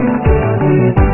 Thank you.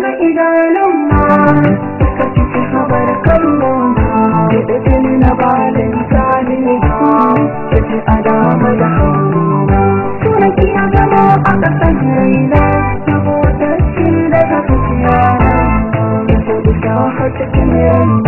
da ma Duka ciki habar kallona Da na balin da Ciki a dama da hannuna Suraki a ƙasan raina Saboda shi daga zuciya Ita bisa har cikin